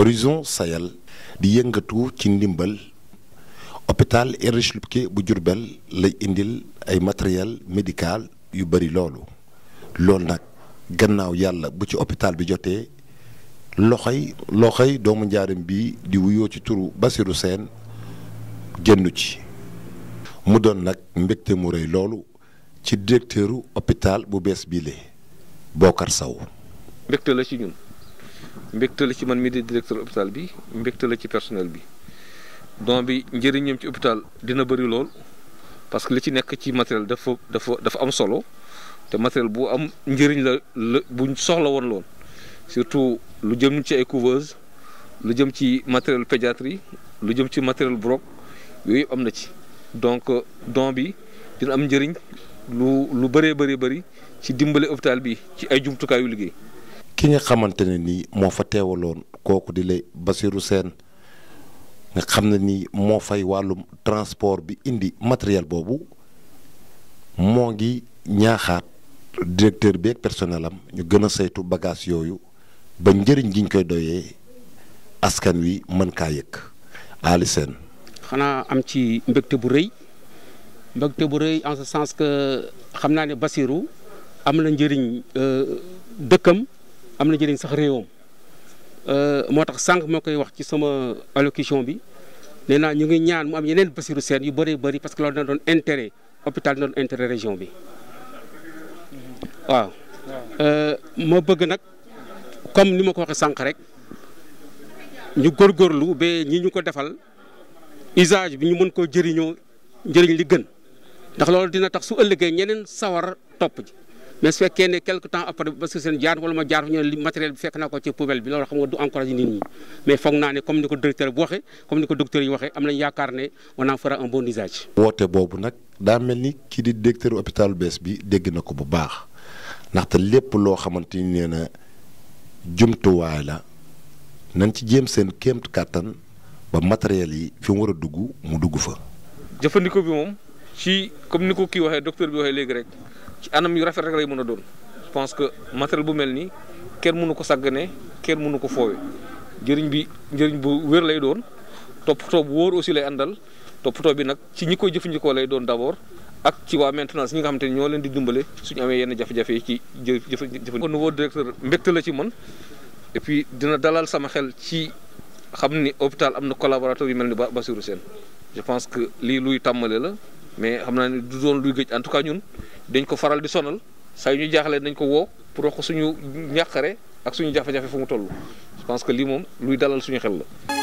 Horizon Sahel di yëngatu ci ndimbal hôpital Heinrich Lübke bu Jurbel lay indil ay matériel médical yu bari loolu loolu nag gannaaw yàlla bu ci hôpital bi jotee loxoy loxoy doomu njaaram bi di wuyoo ci turu Basiru Seen génnu ci mu doon nag mbégte mu rëy loolu ci directeuru hôpital bu bees bii le Bokar Saw mbégte la ci ñun mbégte la ci man mi di directeur hôpital bi mbégte la ci personnel bi don bi njëriñam ci hôpital dina bëri lool parce que li ci nekk ci matériel dafa dafa dafa am solo te matériel bu am njëriñ la la buñ soxla woon lool surtout lu jëm ci ay couveuse lu jëm ci matériel pédiatrie lu jëm ci matériel broc yooyu yëpp am na ci donc don bi dina am njëriñ lu lu bëree bëri bëri ci dimbale hôpital bi ci ay jumtukaayu liggéey ki nga xamante ne nii moo fa teewaloon kooku di lay Basirou Sène nga xam na nii moo fay wàllum transport bi indi matériel boobu moo ngi ñaaxaat directeur bi ak personnel am ñu gën a saytu bagage yooyu ba njëriñ gi ñu koy doyee askan wi mën kaa yëg Ali Sène xanaa am ci mbegte bu rëy mbégte bu rëy en ce sens que xam naa ne Basirou am na njëriñ euh, dëkkam am na jëriñ sax réewam euh, moo tax sànq moo koy wax ci sama allocution bi nee naa ñu ngi ñaan mu am yeneen Bassirou Sène yu bëree bëri parce que loolu dina doon intérêt hôpital dina doon intérêt région bi waaw. Euh, ma bëgg nag comme ni ma ko waxee sànq rek ñu góorgóorlu ba ñi ñu ko defal usage bi ñu mën koo jëriñoo njëriñ li gën ndax loolu dina tax su ëllëgee ñeneen sawar topp ji. mais fekkee ne quelque temps après parce que seen jaar wala ma jaar ñu ne matériel bi fekk naa ko ci poubelle bi loolu xam nga du encouragé nit ñi mais foog naa ne comme ni ko directeur bu waxee comme ni ko boobu nag daa mel ni kii di directeur hôpital bees bi dégg na ko bu baax ndaxte lépp loo xamante ni nee na jumtuwaay la nañ ci jéem seen kéemt kàttan ba matériel yi war a dugg mu dugg fa. jëfandikoo bi moom ci comme ni ko kii waxee docteur bi waxee léegi rek. ci anam yu rafet rek lay mën a doon je que matériel bu mel nii kenn mënu ko sàggane kenn mënu ko foowe njëriñ bi njëriñ bu wér lay doon toppatoo bu wóor aussi lay àndal toppatoo bi nag ci ñi koy jëfandikoo lay doon d'abord ak ci waa maintenance ñi nga xam te ne ñoo leen di dimbale suñu amee yenn jafe-jafe yi ci jë jëfandikoo. nouveau directeur mbégte la ci man et dina dalal sama xel ci xam ni hôpital am na collaborateur yu mel ni Bassirou Sène je pense que lii luy tàmmale la mais xam naa ne du doon luy gëj en tout cas ñun. dañ ko faral di sonal saa yu ñu jaaxlee nañ ko woo pour wax ko suñu ñàqare ak suñu jafe-jafe fu mu toll parce que lii moom luy dalal suñu xel la.